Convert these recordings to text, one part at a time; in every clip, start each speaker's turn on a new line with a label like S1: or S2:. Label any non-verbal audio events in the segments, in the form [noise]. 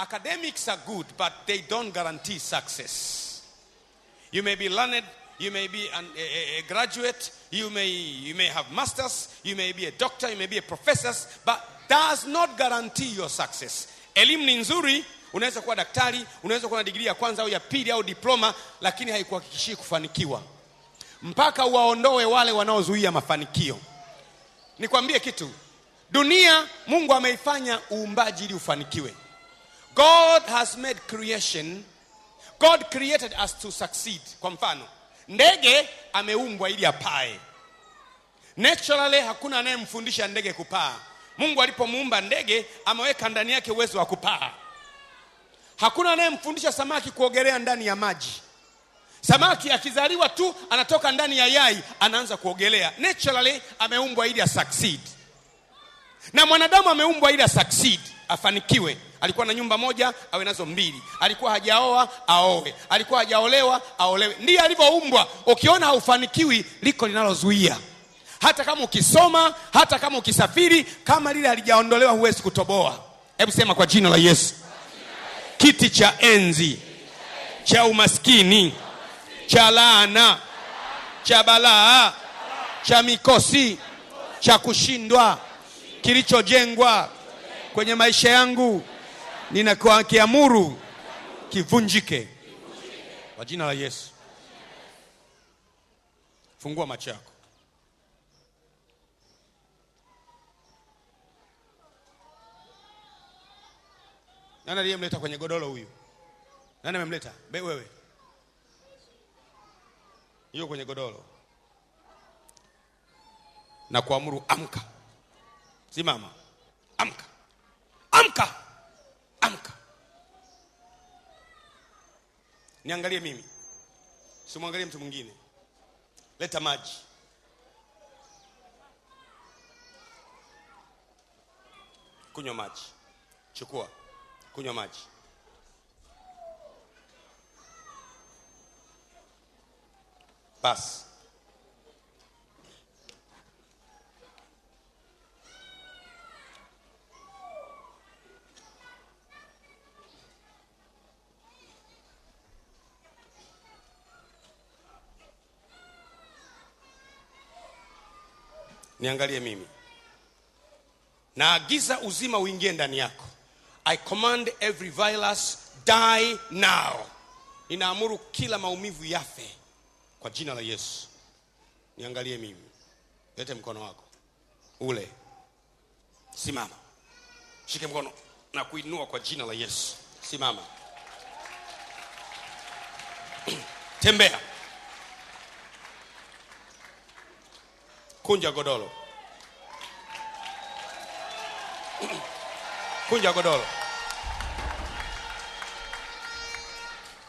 S1: Academics are good, but they don't guarantee success. You may be learned, you may be an, a, a, graduate, you may, you may have masters, you may be a doctor, you may be a professor, but does not guarantee your success. Elimu ni nzuri, unaweza kuwa daktari, unaweza kuwa na degree ya kwanza au ya pili au diploma, lakini haikuhakikishii kufanikiwa mpaka waondoe wale wanaozuia mafanikio. Nikwambie kitu, dunia Mungu ameifanya uumbaji ili ufanikiwe God has made creation. God created us to succeed. Kwa mfano, ndege ameumbwa ili apae. Naturally hakuna anayemfundisha ndege kupaa. Mungu alipomuumba ndege ameweka ndani yake uwezo wa kupaa. Hakuna anayemfundisha samaki kuogelea ndani ya maji. Samaki akizaliwa tu anatoka ndani ya yai anaanza kuogelea. Naturally ameumbwa ili asucceed, na mwanadamu ameumbwa ili asucceed afanikiwe. Alikuwa na nyumba moja awe nazo mbili, alikuwa hajaoa aoe, alikuwa hajaolewa aolewe. Ndiye alivyoumbwa. Ukiona haufanikiwi, liko linalozuia hata kama ukisoma, hata kama ukisafiri, kama lile alijaondolewa huwezi kutoboa. Hebu sema kwa jina la Yesu, kiti cha enzi cha umaskini cha laana cha balaa cha mikosi cha kushindwa kilichojengwa kwenye maisha yangu, ninakuwa kiamuru kivunjike kwa jina la Yesu. Fungua macho yako. Nani aliyemleta kwenye godoro huyu? Nani amemleta? Be wewe. Hiyo kwenye godoro. Na kuamuru amka. Simama. niangalie mimi, simwangalie mtu mwingine. Leta maji. Kunywa maji, chukua, kunywa maji. Basi niangalie mimi, naagiza uzima uingie ndani yako. I command every virus die now. Ninaamuru kila maumivu yafe kwa jina la Yesu. Niangalie mimi, lete mkono wako ule, simama, shike mkono na kuinua kwa jina la Yesu. Simama, [clears throat] tembea. kunja godoro, kunja godoro,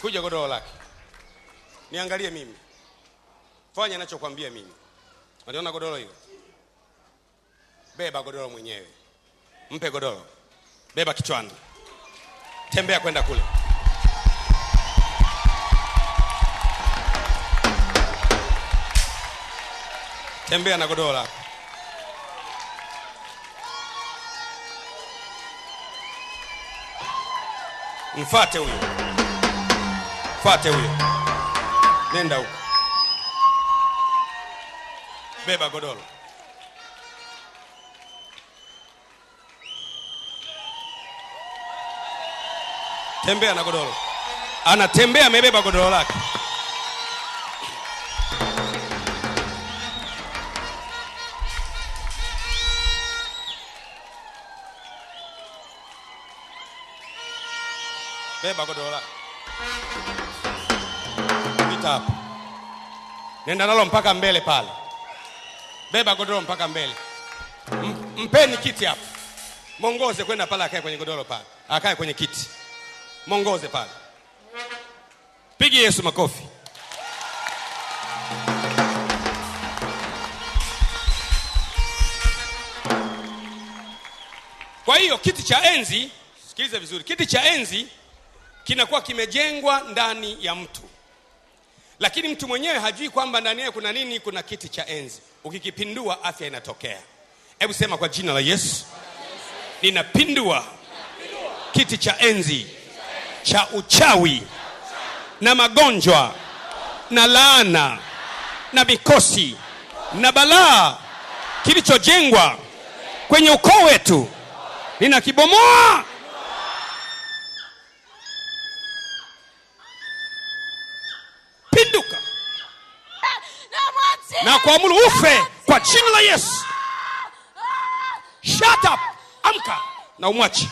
S1: kunja godoro lake, niangalie mimi, fanya nachokwambia mimi. Unaona godoro hilo? Beba godoro mwenyewe, mpe godoro, beba kichwani, tembea kwenda kule. tembea na godoro lako mfate huyo mfate huyo nenda huko beba godoro tembea na godoro anatembea amebeba godoro lake Beba godoro Pita hapo. Nenda nalo mpaka mbele pale. Beba godoro mpaka mbele. Mpeni kiti hapo. Mongoze kwenda pale akae kwenye godoro pale. Akae kwenye kiti. Mongoze pale. Pigi Yesu makofi. Kwa hiyo kiti cha enzi, sikilize vizuri, kiti cha enzi kinakuwa kimejengwa ndani ya mtu, lakini mtu mwenyewe hajui kwamba ndani yake kuna nini. Kuna kiti cha enzi, ukikipindua afya inatokea. Hebu sema kwa jina la Yesu, ninapindua kiti cha enzi cha uchawi na magonjwa na laana na mikosi na balaa kilichojengwa kwenye ukoo wetu, ninakibomoa. kuamuru ufe kwa jina la yesu Shut up. amka na umwachi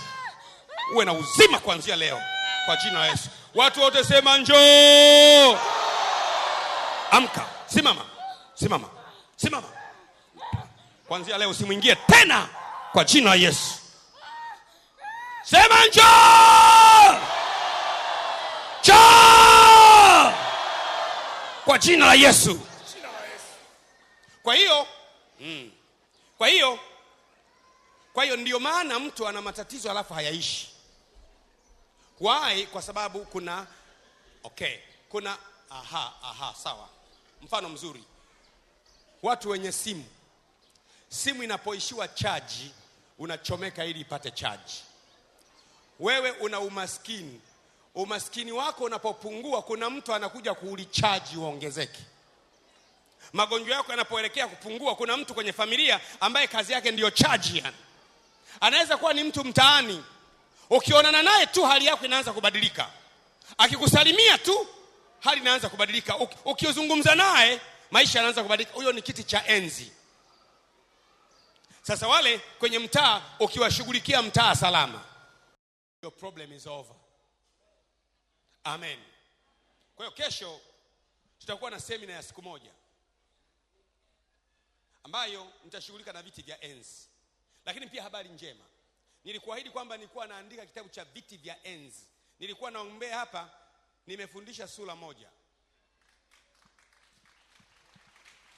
S1: uwe na uzima kuanzia leo kwa jina la yesu watu wote sema njoo amka simama simama simama kuanzia leo usimwingie tena kwa jina la yesu sema njoo njoo kwa jina la yesu kwa hiyo mm, kwa hiyo kwa hiyo ndio maana mtu ana matatizo alafu hayaishi why kwa sababu kuna okay kuna aha aha sawa mfano mzuri watu wenye simu simu inapoishiwa chaji unachomeka ili ipate chaji wewe una umaskini umaskini wako unapopungua kuna mtu anakuja kuulichaji uongezeke magonjwa yako yanapoelekea kupungua kuna mtu kwenye familia ambaye kazi yake ndiyo yani anaweza kuwa ni mtu mtaani ukionana naye tu hali yako inaanza kubadilika akikusalimia tu hali inaanza kubadilika ukizungumza naye maisha yanaanza kubadilika huyo ni kiti cha enzi sasa wale kwenye mtaa ukiwashughulikia mtaa salama
S2: your problem is over amen kwa hiyo kesho tutakuwa na semina ya siku moja ambayo nitashughulika na viti vya enzi. Lakini pia habari njema, nilikuahidi kwamba nilikuwa naandika kitabu cha viti vya enzi. Nilikuwa naombea hapa, nimefundisha sura moja.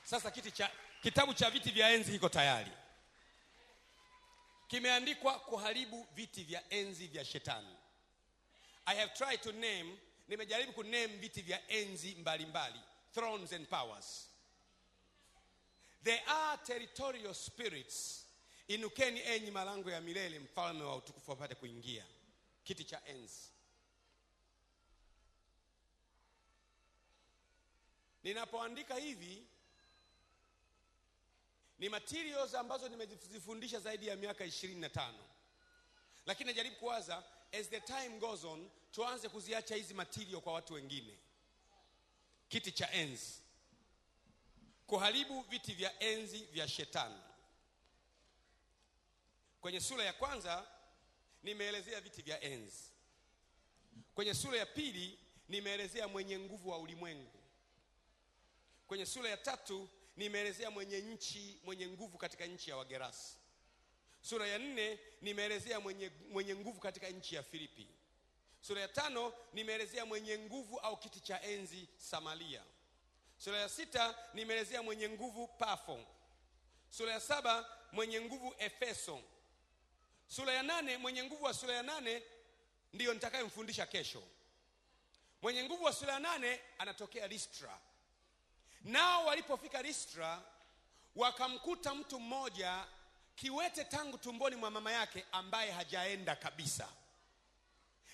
S2: Sasa kiti cha, kitabu cha viti vya enzi kiko tayari, kimeandikwa kuharibu viti vya enzi vya Shetani. I have tried to name, nimejaribu kuname viti vya enzi mbalimbali mbali, thrones and powers There are territorial spirits. Inukeni enyi malango ya milele, mfalme wa utukufu apate kuingia kiti cha enzi. Ninapoandika hivi ni materials ambazo nimejifundisha zaidi ya miaka ishirini na tano, lakini najaribu kuwaza as the time goes on, tuanze kuziacha hizi material kwa watu wengine. Kiti cha enzi kuharibu viti vya enzi vya shetani. Kwenye sura ya kwanza nimeelezea viti vya enzi. Kwenye sura ya pili nimeelezea mwenye nguvu wa ulimwengu. Kwenye sura ya tatu nimeelezea mwenye nchi, mwenye nguvu katika nchi ya Wagerasi. Sura ya nne nimeelezea mwenye, mwenye nguvu katika nchi ya Filipi. Sura ya tano nimeelezea mwenye nguvu au kiti cha enzi Samaria. Sura ya sita nimeelezea mwenye nguvu Pafo. Sura ya saba mwenye nguvu Efeso. Sura ya nane mwenye nguvu wa sura ya nane ndiyo nitakayemfundisha kesho. Mwenye nguvu wa sura ya nane anatokea Listra. Nao walipofika Listra wakamkuta mtu mmoja kiwete tangu tumboni mwa mama yake ambaye hajaenda kabisa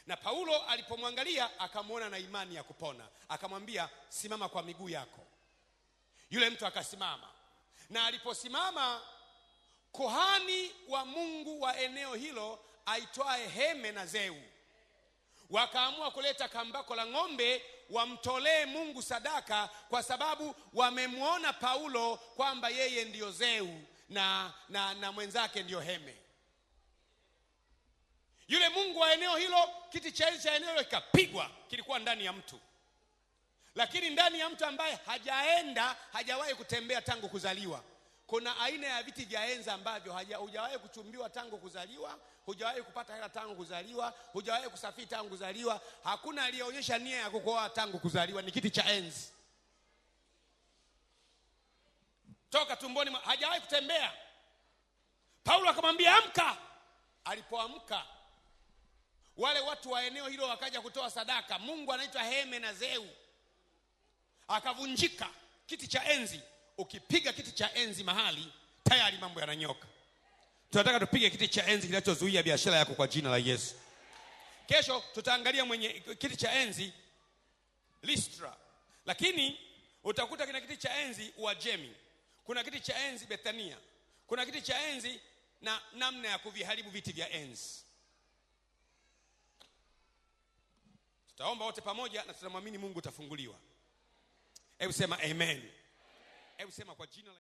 S2: na Paulo alipomwangalia akamwona na imani ya kupona, akamwambia simama kwa miguu yako. Yule mtu akasimama, na aliposimama kohani wa Mungu wa eneo hilo aitwaye Heme na Zeu wakaamua kuleta kambako la ng'ombe wamtolee Mungu sadaka, kwa sababu wamemwona Paulo kwamba yeye ndiyo Zeu na, na, na mwenzake ndiyo Heme. Yule mungu wa eneo hilo, kiti cha enzi cha eneo hilo kikapigwa, kilikuwa ndani ya mtu, lakini ndani ya mtu ambaye hajaenda, hajawahi kutembea tangu kuzaliwa. Kuna aina ya viti vya enza ambavyo hujawahi kuchumbiwa tangu kuzaliwa, hujawahi kupata hela tangu kuzaliwa, hujawahi kusafiri tangu kuzaliwa, hakuna aliyeonyesha nia ya kukoa tangu kuzaliwa. Ni kiti cha enzi toka tumboni, hajawahi kutembea. Paulo akamwambia amka, alipoamka wale watu wa eneo hilo wakaja kutoa sadaka, Mungu anaitwa Heme na Zeu, akavunjika kiti cha enzi. Ukipiga kiti cha enzi mahali, tayari mambo yananyoka. Tunataka tupige kiti cha enzi kinachozuia biashara yako kwa jina la Yesu. Kesho tutaangalia mwenye kiti cha enzi Listra, lakini utakuta kina kiti cha enzi Uajemi, kuna kiti cha enzi Bethania, kuna kiti cha enzi na namna ya kuviharibu viti vya enzi. Tutaomba wote pamoja na tunamwamini Mungu utafunguliwa. Hebu sema amen. Hebu sema kwa jina la